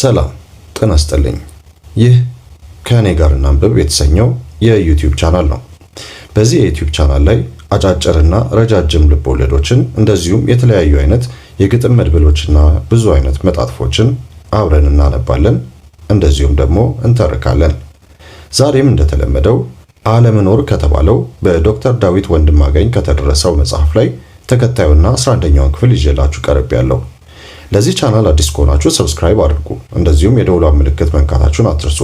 ሰላም ጤና ይስጥልኝ። ይህ ከእኔ ጋር እናንብብ የተሰኘው የዩቲዩብ ቻናል ነው። በዚህ የዩቲዩብ ቻናል ላይ አጫጭርና ረጃጅም ልብ ወለዶችን እንደዚሁም የተለያዩ አይነት የግጥም መድብሎችና ብዙ አይነት መጣጥፎችን አብረን እናነባለን፣ እንደዚሁም ደግሞ እንተርካለን። ዛሬም እንደተለመደው አለመኖር ከተባለው በዶክተር ዳዊት ወንድማገኝ ከተደረሰው መጽሐፍ ላይ ተከታዩና 11ኛውን ክፍል ይዤላችሁ ቀርቤያለሁ። ለዚህ ቻናል አዲስ ከሆናችሁ ሰብስክራይብ አድርጉ። እንደዚሁም የደውሏን ምልክት መንካታችሁን አትርሱ።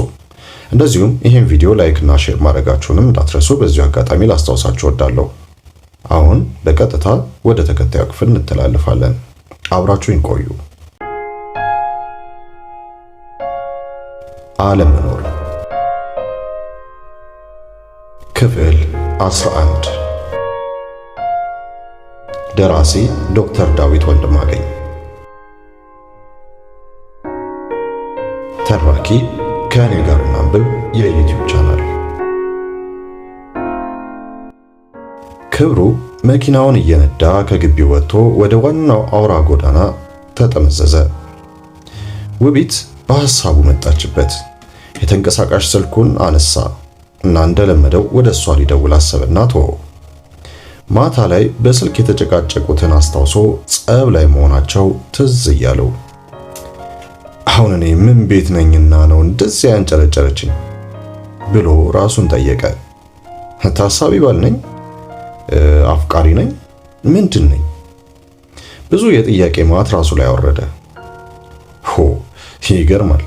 እንደዚሁም ይህን ቪዲዮ ላይክ እና ሼር ማድረጋችሁንም እንዳትረሱ በዚሁ አጋጣሚ ላስታውሳችሁ እወዳለሁ። አሁን በቀጥታ ወደ ተከታዩ ክፍል እንተላለፋለን። አብራችሁን ቆዩ። አለመኖር ክፍል 11 ደራሲ ዶክተር ዳዊት ወንድማገኝ ተባኪ ከእኔ ጋር እናንብብ የዩቲዩብ ቻናል ክብሩ መኪናውን እየነዳ ከግቢ ወጥቶ ወደ ዋናው አውራ ጎዳና ተጠመዘዘ። ውቢት በሐሳቡ መጣችበት። የተንቀሳቃሽ ስልኩን አነሳ እና እንደለመደው ወደ እሷ ሊደውል አሰበና ተወው። ማታ ላይ በስልክ የተጨቃጨቁትን አስታውሶ ጸብ ላይ መሆናቸው ትዝ እያለው አሁን እኔ ምን ቤት ነኝና ነው እንደዚህ ያንጨረጨረችኝ? ብሎ ራሱን ጠየቀ። ታሳቢ ባል ነኝ? አፍቃሪ ነኝ? ምንድን ነኝ? ብዙ የጥያቄ ማት ራሱ ላይ አወረደ። ሆ ይገርማል።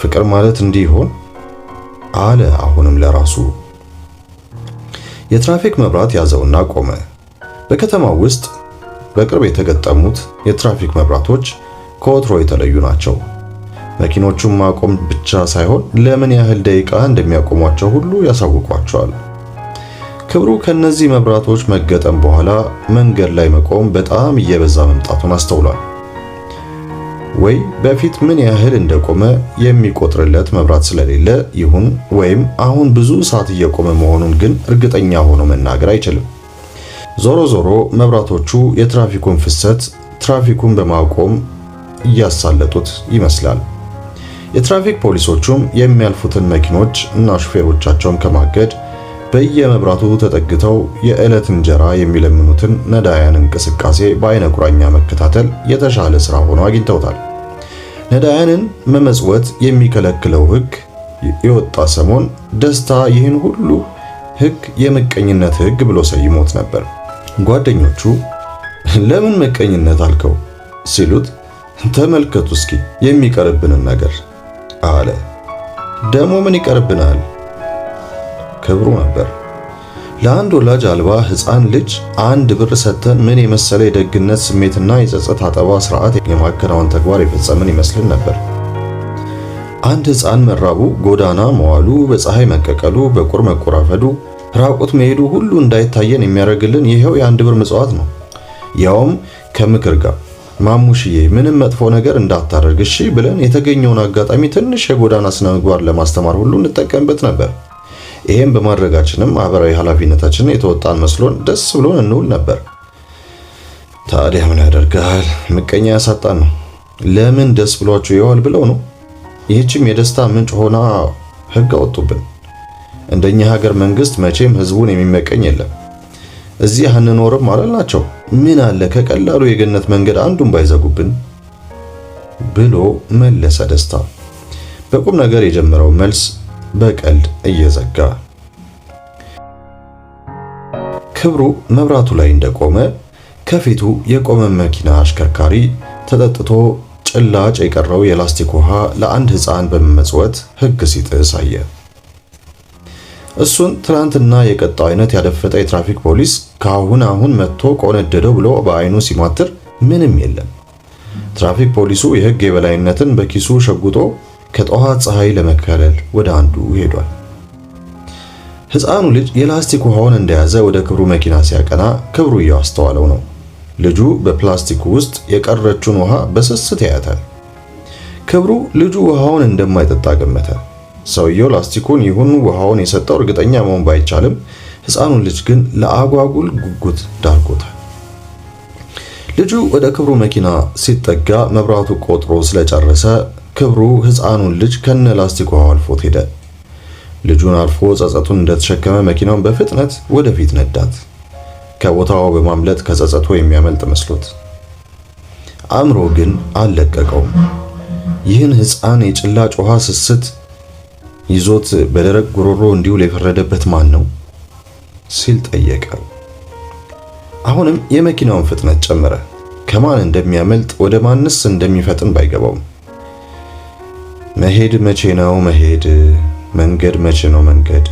ፍቅር ማለት እንዲህ ይሆን አለ። አሁንም ለራሱ የትራፊክ መብራት ያዘውና ቆመ። በከተማው ውስጥ በቅርብ የተገጠሙት የትራፊክ መብራቶች ከወትሮ የተለዩ ናቸው። መኪኖቹን ማቆም ብቻ ሳይሆን ለምን ያህል ደቂቃ እንደሚያቆሟቸው ሁሉ ያሳውቋቸዋል። ክብሩ ከነዚህ መብራቶች መገጠም በኋላ መንገድ ላይ መቆም በጣም እየበዛ መምጣቱን አስተውሏል። ወይ በፊት ምን ያህል እንደቆመ የሚቆጥርለት መብራት ስለሌለ ይሁን ወይም አሁን ብዙ ሰዓት እየቆመ መሆኑን ግን እርግጠኛ ሆኖ መናገር አይችልም። ዞሮ ዞሮ መብራቶቹ የትራፊኩን ፍሰት ትራፊኩን በማቆም እያሳለጡት ይመስላል። የትራፊክ ፖሊሶቹም የሚያልፉትን መኪኖች እና ሹፌሮቻቸውን ከማገድ በየመብራቱ ተጠግተው የዕለት እንጀራ የሚለምኑትን ነዳያን እንቅስቃሴ በአይነ ቁራኛ መከታተል የተሻለ ስራ ሆኖ አግኝተውታል። ነዳያንን መመጽወት የሚከለክለው ሕግ የወጣ ሰሞን ደስታ ይህን ሁሉ ሕግ የምቀኝነት ሕግ ብሎ ሰይሞት ነበር። ጓደኞቹ ለምን ምቀኝነት አልከው ሲሉት ተመልከቱ እስኪ የሚቀርብንን ነገር አለ። ደሞ ምን ይቀርብናል? ክብሩ ነበር። ለአንድ ወላጅ አልባ ሕፃን ልጅ አንድ ብር ሰጥተን ምን የመሰለ የደግነት ስሜትና የጸጸት አጠባ ስርዓት የማከናወን ተግባር የፈጸምን ይመስልን ነበር። አንድ ሕፃን መራቡ፣ ጎዳና መዋሉ፣ በፀሐይ መቀቀሉ፣ በቁር መቆራፈዱ፣ ራቁት መሄዱ ሁሉ እንዳይታየን የሚያደርግልን ይሄው የአንድ ብር ምጽዋት ነው፣ ያውም ከምክር ጋር ማሙሽዬ ምንም መጥፎ ነገር እንዳታደርግ እሺ ብለን የተገኘውን አጋጣሚ ትንሽ የጎዳና ስነ ምግባር ለማስተማር ሁሉ እንጠቀምበት ነበር። ይሄም በማድረጋችንም ማህበራዊ ኃላፊነታችንን የተወጣን መስሎን ደስ ብሎን እንውል ነበር። ታዲያ ምን ያደርጋል፣ ምቀኛ ያሳጣን ነው። ለምን ደስ ብሏችሁ ይዋል ብለው ነው። ይህችም የደስታ ምንጭ ሆና ህግ አወጡብን። እንደኛ ሀገር መንግስት መቼም ህዝቡን የሚመቀኝ የለም እዚህ አንኖርም አላልናቸው። ምን አለ ከቀላሉ የገነት መንገድ አንዱን ባይዘጉብን ብሎ መለሰ ደስታ። በቁም ነገር የጀመረው መልስ በቀልድ እየዘጋ ክብሩ መብራቱ ላይ እንደቆመ ከፊቱ የቆመ መኪና አሽከርካሪ ተጠጥቶ ጭላጭ የቀረው የላስቲክ ውሃ ለአንድ ሕፃን በመመጽወት ሕግ ሲጥስ አየ። እሱን ትናንትና የቀጣው አይነት ያደፈጠ የትራፊክ ፖሊስ ከአሁን አሁን መጥቶ ቆነደደው ብሎ በአይኑ ሲማትር ምንም የለም። ትራፊክ ፖሊሱ የህግ የበላይነትን በኪሱ ሸጉጦ ከጠዋት ፀሐይ ለመከለል ወደ አንዱ ሄዷል። ህፃኑ ልጅ የላስቲክ ውሃውን እንደያዘ ወደ ክብሩ መኪና ሲያቀና ክብሩ እያስተዋለው ነው። ልጁ በፕላስቲኩ ውስጥ የቀረችውን ውሃ በስስት ያያታል። ክብሩ ልጁ ውሃውን እንደማይጠጣ ገመተ። ሰውየው ላስቲኩን ይሁን ውሃውን የሰጠው እርግጠኛ መሆን ባይቻልም ሕፃኑን ልጅ ግን ለአጓጉል ጉጉት ዳርጎታል። ልጁ ወደ ክብሩ መኪና ሲጠጋ መብራቱ ቆጥሮ ስለጨረሰ ክብሩ ሕፃኑን ልጅ ከነ ላስቲክ ውሃው አልፎት ሄደ። ልጁን አልፎ ጸጸቱን እንደተሸከመ መኪናውን በፍጥነት ወደፊት ነዳት። ከቦታው በማምለጥ ከጸጸቱ የሚያመልጥ መስሎት፣ አእምሮ ግን አልለቀቀውም። ይህን ሕፃን የጭላጭ ውሃ ስስት ይዞት በደረቅ ጉሮሮ እንዲውል የፈረደበት ማን ነው ሲል ጠየቀ። አሁንም የመኪናውን ፍጥነት ጨመረ። ከማን እንደሚያመልጥ ወደ ማንስ እንደሚፈጥን ባይገባውም መሄድ መቼ ነው መሄድ፣ መንገድ መቼ ነው መንገድ፣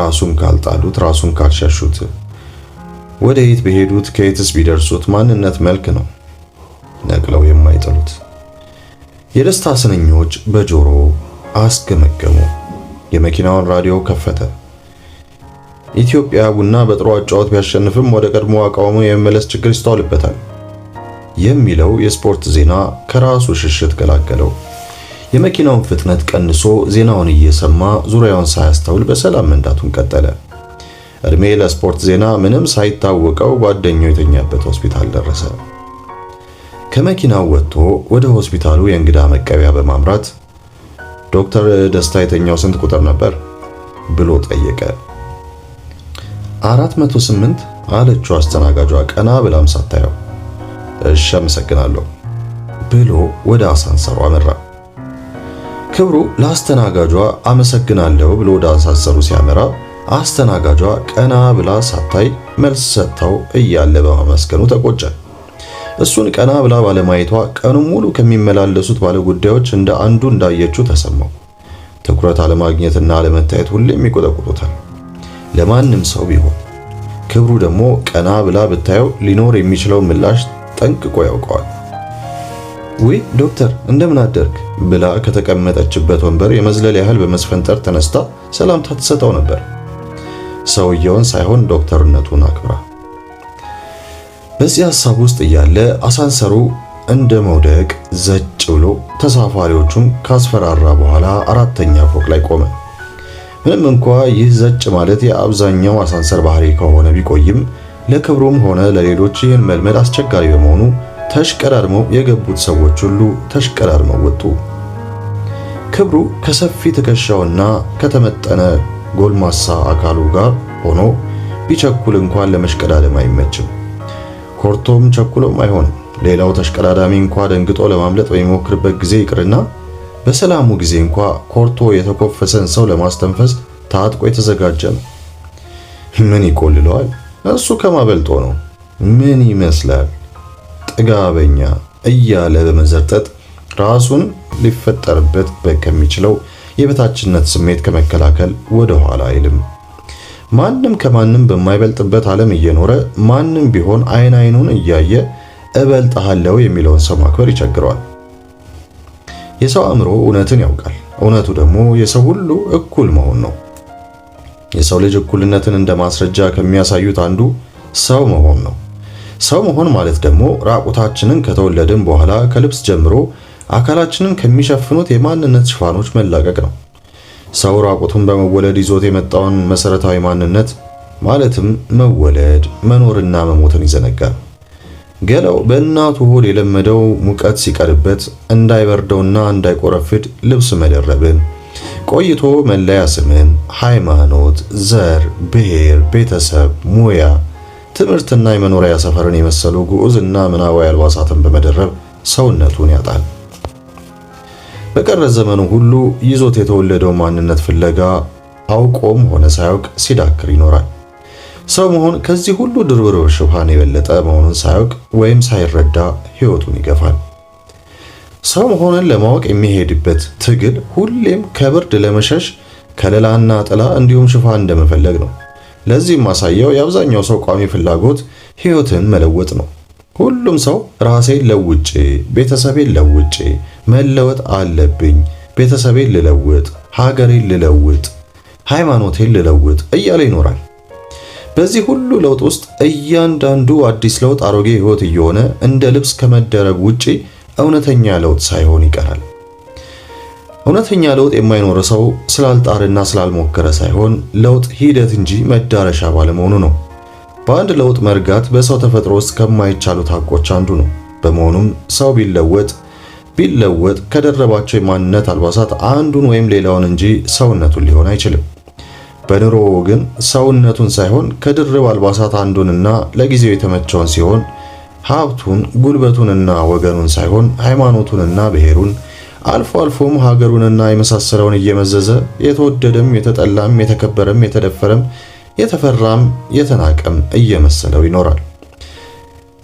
ራሱን ካልጣሉት፣ ራሱን ካልሸሹት፣ ወደ የት በሄዱት፣ ከየትስ ቢደርሱት ማንነት መልክ ነው ነቅለው የማይጥሉት። የደስታ ስንኞች በጆሮ አስገመገሙ። የመኪናውን ራዲዮ ከፈተ። ኢትዮጵያ ቡና በጥሩ አጫዋት ቢያሸንፍም ወደ ቀድሞ አቋሙ የመመለስ ችግር ይስተዋልበታል የሚለው የስፖርት ዜና ከራሱ ሽሽት ገላገለው። የመኪናውን ፍጥነት ቀንሶ ዜናውን እየሰማ ዙሪያውን ሳያስተውል በሰላም መንዳቱን ቀጠለ። እድሜ ለስፖርት ዜና ምንም ሳይታወቀው ጓደኛው የተኛበት ሆስፒታል ደረሰ። ከመኪናው ወጥቶ ወደ ሆስፒታሉ የእንግዳ መቀበያ በማምራት ዶክተር ደስታ የተኛው ስንት ቁጥር ነበር ብሎ ጠየቀ። አራት መቶ ስምንት አለችው አስተናጋጇ ቀና ብላም ሳታየው። እሺ አመሰግናለሁ ብሎ ወደ አሳንሰሩ አመራ። ክብሩ ለአስተናጋጇ አመሰግናለሁ ብሎ ወደ አሳንሰሩ ሲያመራ አስተናጋጇ ቀና ብላ ሳታይ መልስ ሰጥተው እያለ በማመስገኑ ተቆጨ። እሱን ቀና ብላ ባለማየቷ ቀኑ ሙሉ ከሚመላለሱት ባለጉዳዮች እንደ አንዱ እንዳየችው ተሰማው። ትኩረት አለማግኘትና አለመታየት ሁሌም ይቆጠቁጡታል ለማንም ሰው ቢሆን። ክብሩ ደግሞ ቀና ብላ ብታየው ሊኖር የሚችለው ምላሽ ጠንቅቆ ያውቀዋል። ውይ ዶክተር እንደምን አደርግ ብላ ከተቀመጠችበት ወንበር የመዝለል ያህል በመስፈንጠር ተነስታ ሰላምታ ትሰጠው ነበር፣ ሰውየውን ሳይሆን ዶክተርነቱን አክብራ በዚህ ሐሳብ ውስጥ እያለ አሳንሰሩ እንደ መውደቅ ዘጭ ብሎ ተሳፋሪዎቹን ካስፈራራ በኋላ አራተኛ ፎቅ ላይ ቆመ። ምንም እንኳ ይህ ዘጭ ማለት የአብዛኛው አሳንሰር ባህሪ ከሆነ ቢቆይም ለክብሩም ሆነ ለሌሎች ይህን መልመድ አስቸጋሪ በመሆኑ ተሽቀዳድመው የገቡት ሰዎች ሁሉ ተሽቀዳድመው ወጡ። ክብሩ ከሰፊ ትከሻውና ከተመጠነ ጎልማሳ አካሉ ጋር ሆኖ ቢቸኩል እንኳን ለመሽቀዳደም አይመችም። ኮርቶም ቸኩሎም አይሆንም። ሌላው ተሽቀዳዳሚ እንኳ ደንግጦ ለማምለጥ በሚሞክርበት ጊዜ ይቅርና በሰላሙ ጊዜ እንኳ ኮርቶ የተኮፈሰን ሰው ለማስተንፈስ ታጥቆ የተዘጋጀ ነው። ምን ይቆልለዋል? እሱ ከማበልጦ ነው። ምን ይመስላል? ጥጋበኛ እያለ በመዘርጠጥ ራሱን ሊፈጠርበት ከሚችለው የበታችነት ስሜት ከመከላከል ወደ ኋላ አይልም። ማንም ከማንም በማይበልጥበት ዓለም እየኖረ ማንም ቢሆን አይን አይኑን እያየ እበልጥሃለሁ የሚለውን ሰው ማክበር ይቸግረዋል። የሰው አእምሮ እውነትን ያውቃል። እውነቱ ደግሞ የሰው ሁሉ እኩል መሆን ነው። የሰው ልጅ እኩልነትን እንደ ማስረጃ ከሚያሳዩት አንዱ ሰው መሆን ነው። ሰው መሆን ማለት ደግሞ ራቁታችንን ከተወለድን በኋላ ከልብስ ጀምሮ አካላችንን ከሚሸፍኑት የማንነት ሽፋኖች መላቀቅ ነው። ሰው ራቁቱን በመወለድ ይዞት የመጣውን መሰረታዊ ማንነት ማለትም መወለድ መኖርና መሞትን ይዘነጋል። ገላው በእናቱ ሆድ የለመደው ሙቀት ሲቀርበት እንዳይበርደውና እንዳይቆረፍድ ልብስ መደረብን፣ ቆይቶ መለያ ስምን፣ ሃይማኖት፣ ዘር፣ ብሔር፣ ቤተሰብ፣ ሙያ፣ ትምህርትና የመኖሪያ ሰፈርን የመሰሉ ግዑዝና ምናባዊ አልባሳትን በመደረብ ሰውነቱን ያጣል። በቀረ ዘመኑ ሁሉ ይዞት የተወለደው ማንነት ፍለጋ አውቆም ሆነ ሳያውቅ ሲዳክር ይኖራል። ሰው መሆን ከዚህ ሁሉ ድርብርብ ሽፋን የበለጠ መሆኑን ሳያውቅ ወይም ሳይረዳ ሕይወቱን ይገፋል። ሰው መሆንን ለማወቅ የሚሄድበት ትግል ሁሌም ከብርድ ለመሸሽ ከለላና ጥላ እንዲሁም ሽፋን እንደመፈለግ ነው። ለዚህም ማሳያው የአብዛኛው ሰው ቋሚ ፍላጎት ሕይወትን መለወጥ ነው። ሁሉም ሰው ራሴን ለውጬ፣ ቤተሰቤን ለውጬ፣ መለወጥ አለብኝ፣ ቤተሰቤን ልለውጥ፣ ሀገሬን ልለውጥ፣ ሃይማኖቴን ልለውጥ እያለ ይኖራል። በዚህ ሁሉ ለውጥ ውስጥ እያንዳንዱ አዲስ ለውጥ አሮጌ ህይወት እየሆነ እንደ ልብስ ከመደረብ ውጪ እውነተኛ ለውጥ ሳይሆን ይቀራል። እውነተኛ ለውጥ የማይኖር ሰው ስላልጣርና ስላልሞከረ ሳይሆን ለውጥ ሂደት እንጂ መዳረሻ ባለመሆኑ ነው። በአንድ ለውጥ መርጋት በሰው ተፈጥሮ ውስጥ ከማይቻሉት ሀቆች አንዱ ነው። በመሆኑም ሰው ቢለወጥ ቢለወጥ ከደረባቸው የማንነት አልባሳት አንዱን ወይም ሌላውን እንጂ ሰውነቱን ሊሆን አይችልም። በኑሮ ግን ሰውነቱን ሳይሆን ከድርብ አልባሳት አንዱንና ለጊዜው የተመቸውን ሲሆን ሀብቱን፣ ጉልበቱንና ወገኑን ሳይሆን ሃይማኖቱንና ብሔሩን አልፎ አልፎም ሀገሩንና የመሳሰለውን እየመዘዘ የተወደደም የተጠላም የተከበረም የተደፈረም የተፈራም የተናቀም እየመሰለው ይኖራል።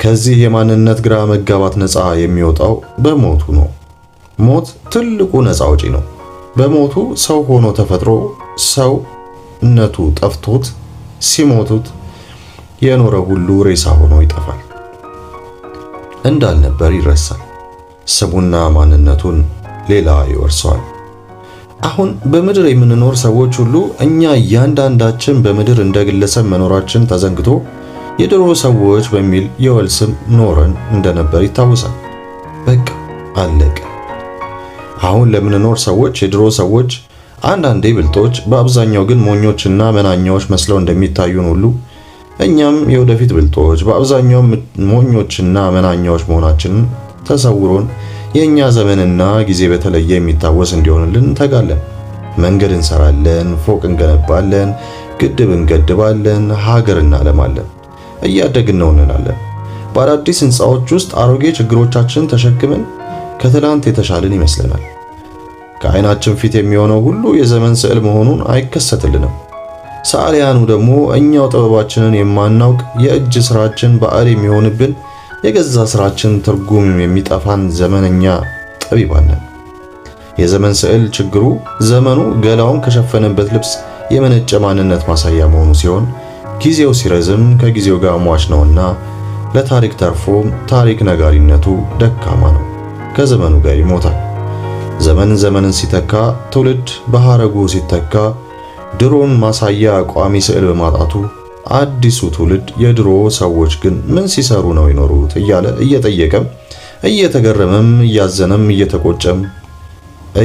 ከዚህ የማንነት ግራ መጋባት ነፃ የሚወጣው በሞቱ ነው። ሞት ትልቁ ነፃ አውጪ ነው። በሞቱ ሰው ሆኖ ተፈጥሮ ሰውነቱ ጠፍቶት ሲሞቱት የኖረ ሁሉ ሬሳ ሆኖ ይጠፋል፣ እንዳልነበር ይረሳል። ስሙና ማንነቱን ሌላ ይወርሰዋል። አሁን በምድር የምንኖር ሰዎች ሁሉ እኛ እያንዳንዳችን በምድር እንደ ግለሰብ መኖራችን ተዘንግቶ የድሮ ሰዎች በሚል የወል ስም ኖረን እንደነበር ይታወሳል። በቃ አለቀ። አሁን ለምንኖር ሰዎች የድሮ ሰዎች አንዳንዴ ብልጦች፣ በአብዛኛው ግን ሞኞችና መናኛዎች መስለው እንደሚታዩን ሁሉ እኛም የወደፊት ብልጦች፣ በአብዛኛው ሞኞችና መናኛዎች መሆናችንን ተሰውሮን የእኛ ዘመንና ጊዜ በተለየ የሚታወስ እንዲሆንልን እንተጋለን። መንገድ እንሰራለን፣ ፎቅ እንገነባለን፣ ግድብ እንገድባለን፣ ሀገር እናለማለን። እያደግን ነው እንላለን። በአዳዲስ ህንፃዎች ውስጥ አሮጌ ችግሮቻችንን ተሸክመን ከትላንት የተሻልን ይመስለናል። ከአይናችን ፊት የሚሆነው ሁሉ የዘመን ስዕል መሆኑን አይከሰትልንም። ሰዓሊያኑ ደግሞ እኛው ጥበባችንን የማናውቅ የእጅ ስራችን ባዕድ የሚሆንብን የገዛ ስራችን ትርጉም የሚጠፋን ዘመነኛ ጠቢባን ነን። የዘመን ስዕል ችግሩ ዘመኑ ገላውን ከሸፈነበት ልብስ የመነጨ ማንነት ማሳያ መሆኑ ሲሆን ጊዜው ሲረዝም ከጊዜው ጋር ሟች ነውና ለታሪክ ተርፎ ታሪክ ነጋሪነቱ ደካማ ነው፣ ከዘመኑ ጋር ይሞታል። ዘመን ዘመንን ሲተካ ትውልድ በሐረጉ ሲተካ ድሮን ማሳያ ቋሚ ስዕል በማጣቱ አዲሱ ትውልድ የድሮ ሰዎች ግን ምን ሲሰሩ ነው ይኖሩት እያለ እየጠየቀም እየተገረመም እያዘነም እየተቆጨም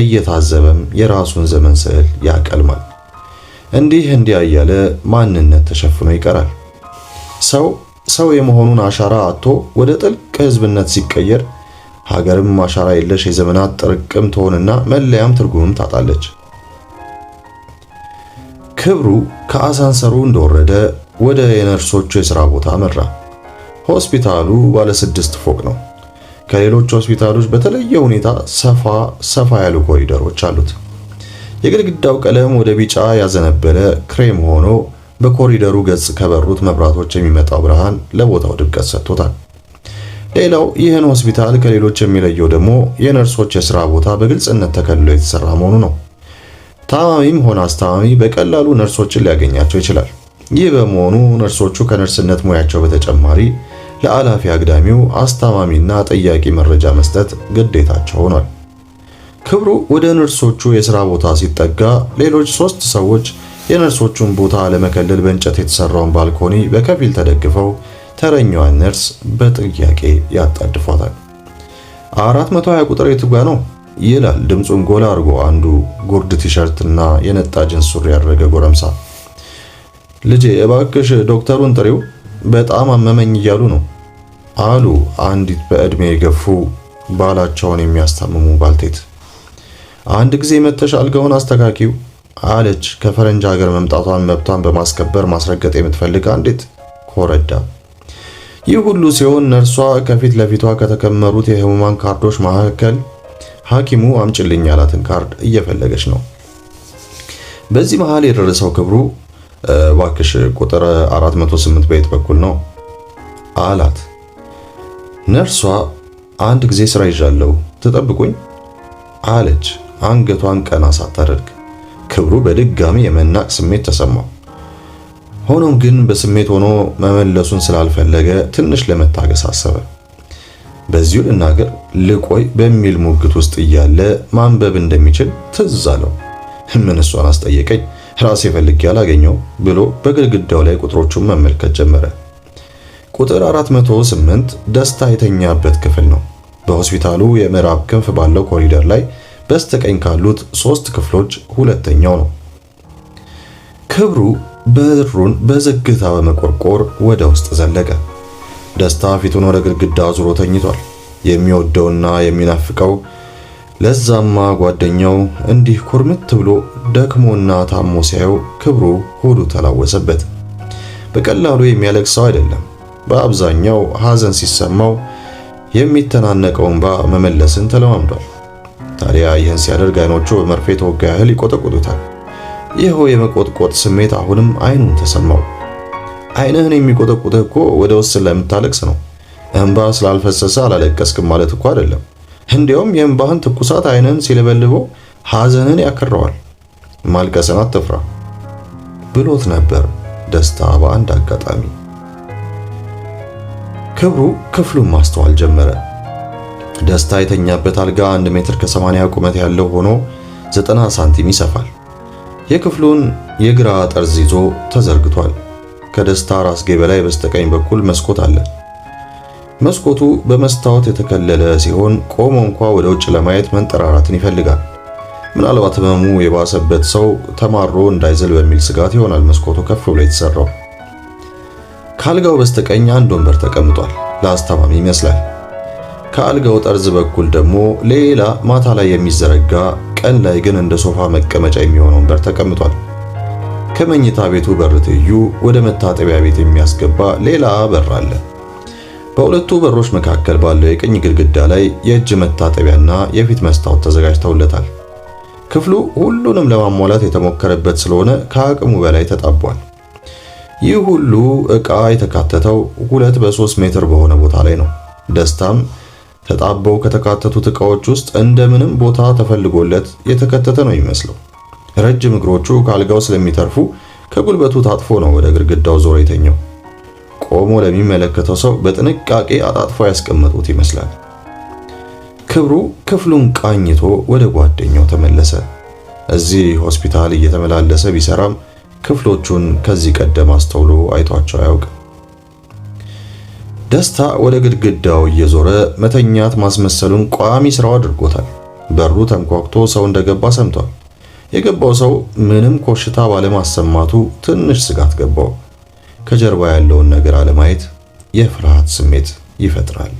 እየታዘበም የራሱን ዘመን ስዕል ያቀልማል። እንዲህ እንዲያ እያለ ማንነት ተሸፍኖ ይቀራል። ሰው ሰው የመሆኑን አሻራ አጥቶ ወደ ጥልቅ ህዝብነት ሲቀየር ሀገርም አሻራ የለሽ የዘመናት ጥርቅም ትሆንና መለያም ትርጉምም ታጣለች። ክብሩ ከአሳንሰሩ እንደወረደ ወደ የነርሶቹ የሥራ ቦታ መራ። ሆስፒታሉ ባለ ስድስት ፎቅ ነው። ከሌሎች ሆስፒታሎች በተለየ ሁኔታ ሰፋ ሰፋ ያሉ ኮሪደሮች አሉት። የግድግዳው ቀለም ወደ ቢጫ ያዘነበለ ክሬም ሆኖ በኮሪደሩ ገጽ ከበሩት መብራቶች የሚመጣው ብርሃን ለቦታው ድምቀት ሰጥቶታል። ሌላው ይህን ሆስፒታል ከሌሎች የሚለየው ደግሞ የነርሶች የሥራ ቦታ በግልጽነት ተከልሎ የተሰራ መሆኑ ነው። ታማሚም ሆነ አስታማሚ በቀላሉ ነርሶችን ሊያገኛቸው ይችላል። ይህ በመሆኑ ነርሶቹ ከነርስነት ሙያቸው በተጨማሪ ለአላፊ አግዳሚው አስታማሚና ጠያቂ መረጃ መስጠት ግዴታቸው ሆኗል። ክብሩ ወደ ነርሶቹ የሥራ ቦታ ሲጠጋ ሌሎች ሦስት ሰዎች የነርሶቹን ቦታ ለመከለል በእንጨት የተሠራውን ባልኮኒ በከፊል ተደግፈው ተረኛዋን ነርስ በጥያቄ ያጣድፏታል። 420 ቁጥር የትጓ ነው ይላል ድምፁን ጎላ አድርጎ አንዱ ጉርድ ቲሸርት እና የነጣ ጅንስ ሱሪ ያደረገ ጎረምሳ። ልጄ እባክሽ ዶክተሩን ጥሪው በጣም አመመኝ እያሉ ነው አሉ አንዲት በዕድሜ የገፉ ባላቸውን የሚያስታምሙ ባልቴት። አንድ ጊዜ መተሽ አልጋውን አስተካኪው አለች። ከፈረንጅ ሀገር መምጣቷን መብቷን በማስከበር ማስረገጥ የምትፈልግ አንዲት ኮረዳ። ይህ ሁሉ ሲሆን ነርሷ ከፊት ለፊቷ ከተከመሩት የህሙማን ካርዶች መካከል ሐኪሙ አምጭልኝ ያላትን ካርድ እየፈለገች ነው። በዚህ መሃል የደረሰው ክብሩ ባክሽ ቁጥር 408 በየት በኩል ነው አላት። ነርሷ አንድ ጊዜ ስራ ይዣለሁ ትጠብቁኝ አለች። አንገቷን ቀና ሳታደርግ ክብሩ በድጋሚ የመናቅ ስሜት ተሰማው። ሆኖም ግን በስሜት ሆኖ መመለሱን ስላልፈለገ ትንሽ ለመታገስ አሰበ። በዚሁ ልናገር ልቆይ በሚል ሙግት ውስጥ እያለ ማንበብ እንደሚችል ትዝ አለው። ምን እሷን አስጠየቀኝ ራሴ ፈልጌ አላገኘው ብሎ በግድግዳው ላይ ቁጥሮቹን መመልከት ጀመረ። ቁጥር 408 ደስታ የተኛበት ክፍል ነው። በሆስፒታሉ የምዕራብ ክንፍ ባለው ኮሪደር ላይ በስተቀኝ ካሉት ሶስት ክፍሎች ሁለተኛው ነው። ክብሩ በሩን በዝግታ በመቆርቆር ወደ ውስጥ ዘለቀ። ደስታ ፊቱን ወደ ግድግዳ ዙሮ ተኝቷል። የሚወደውና የሚናፍቀው ለዛማ ጓደኛው እንዲህ ኩርምት ብሎ ደክሞና ታሞ ሲያየው ክብሩ ሆዱ ተላወሰበት። በቀላሉ የሚያለቅሰው ሰው አይደለም። በአብዛኛው ሐዘን ሲሰማው የሚተናነቀውን እንባ መመለስን ተለማምዷል። ታዲያ ይህን ሲያደርግ አይኖቹ በመርፌ ተወጋ ያህል ይቆጠቁጡታል። ይኸው የመቆጥቆጥ ስሜት አሁንም አይኑን ተሰማው። አይንህን የሚቆጠቁጥህ እኮ ወደ ውስጥ ስለምታለቅስ ነው። እንባ ስላልፈሰሰ አላለቀስክም ማለት እኮ አይደለም። እንዲያውም የእንባህን ትኩሳት አይንህን ሲለበልበው ሐዘንን ያከረዋል። ማልቀስን አትፍራ ብሎት ነበር ደስታ በአንድ አጋጣሚ። ክብሩ ክፍሉን ማስተዋል ጀመረ። ደስታ የተኛበት አልጋ 1 ሜትር ከ80 ቁመት ያለው ሆኖ 90 ሳንቲም ይሰፋል። የክፍሉን የግራ ጠርዝ ይዞ ተዘርግቷል። ከደስታ ራስጌ በላይ በስተቀኝ በኩል መስኮት አለ። መስኮቱ በመስታወት የተከለለ ሲሆን ቆሞ እንኳ ወደ ውጭ ለማየት መንጠራራትን ይፈልጋል። ምናልባት ሕመሙ የባሰበት ሰው ተማሮ እንዳይዘል በሚል ስጋት ይሆናል መስኮቱ ከፍ ብሎ የተሰራው። ከአልጋው በስተቀኝ አንድ ወንበር ተቀምጧል። ለአስተማሚ ይመስላል። ከአልጋው ጠርዝ በኩል ደግሞ ሌላ ማታ ላይ የሚዘረጋ ቀን ላይ ግን እንደ ሶፋ መቀመጫ የሚሆን ወንበር ተቀምጧል። ከመኝታ ቤቱ በር ትይዩ ወደ መታጠቢያ ቤት የሚያስገባ ሌላ በር አለ። በሁለቱ በሮች መካከል ባለው የቀኝ ግድግዳ ላይ የእጅ መታጠቢያና የፊት መስታወት ተዘጋጅተውለታል። ክፍሉ ሁሉንም ለማሟላት የተሞከረበት ስለሆነ ከአቅሙ በላይ ተጣቧል። ይህ ሁሉ ዕቃ የተካተተው ሁለት በሶስት ሜትር በሆነ ቦታ ላይ ነው። ደስታም ተጣበው ከተካተቱት እቃዎች ውስጥ እንደምንም ቦታ ተፈልጎለት የተከተተ ነው የሚመስለው። ረጅም እግሮቹ ከአልጋው ስለሚተርፉ ከጉልበቱ ታጥፎ ነው ወደ ግድግዳው ዞሮ የተኛው። ቆሞ ለሚመለከተው ሰው በጥንቃቄ አጣጥፎ ያስቀመጡት ይመስላል። ክብሩ ክፍሉን ቃኝቶ ወደ ጓደኛው ተመለሰ። እዚህ ሆስፒታል እየተመላለሰ ቢሰራም ክፍሎቹን ከዚህ ቀደም አስተውሎ አይቷቸው አያውቅም። ደስታ ወደ ግድግዳው እየዞረ መተኛት ማስመሰሉን ቋሚ ስራው አድርጎታል። በሩ ተንኳኩቶ ሰው እንደገባ ሰምቷል። የገባው ሰው ምንም ኮሽታ ባለማሰማቱ ትንሽ ስጋት ገባው። ከጀርባ ያለውን ነገር አለማየት የፍርሃት ስሜት ይፈጥራል።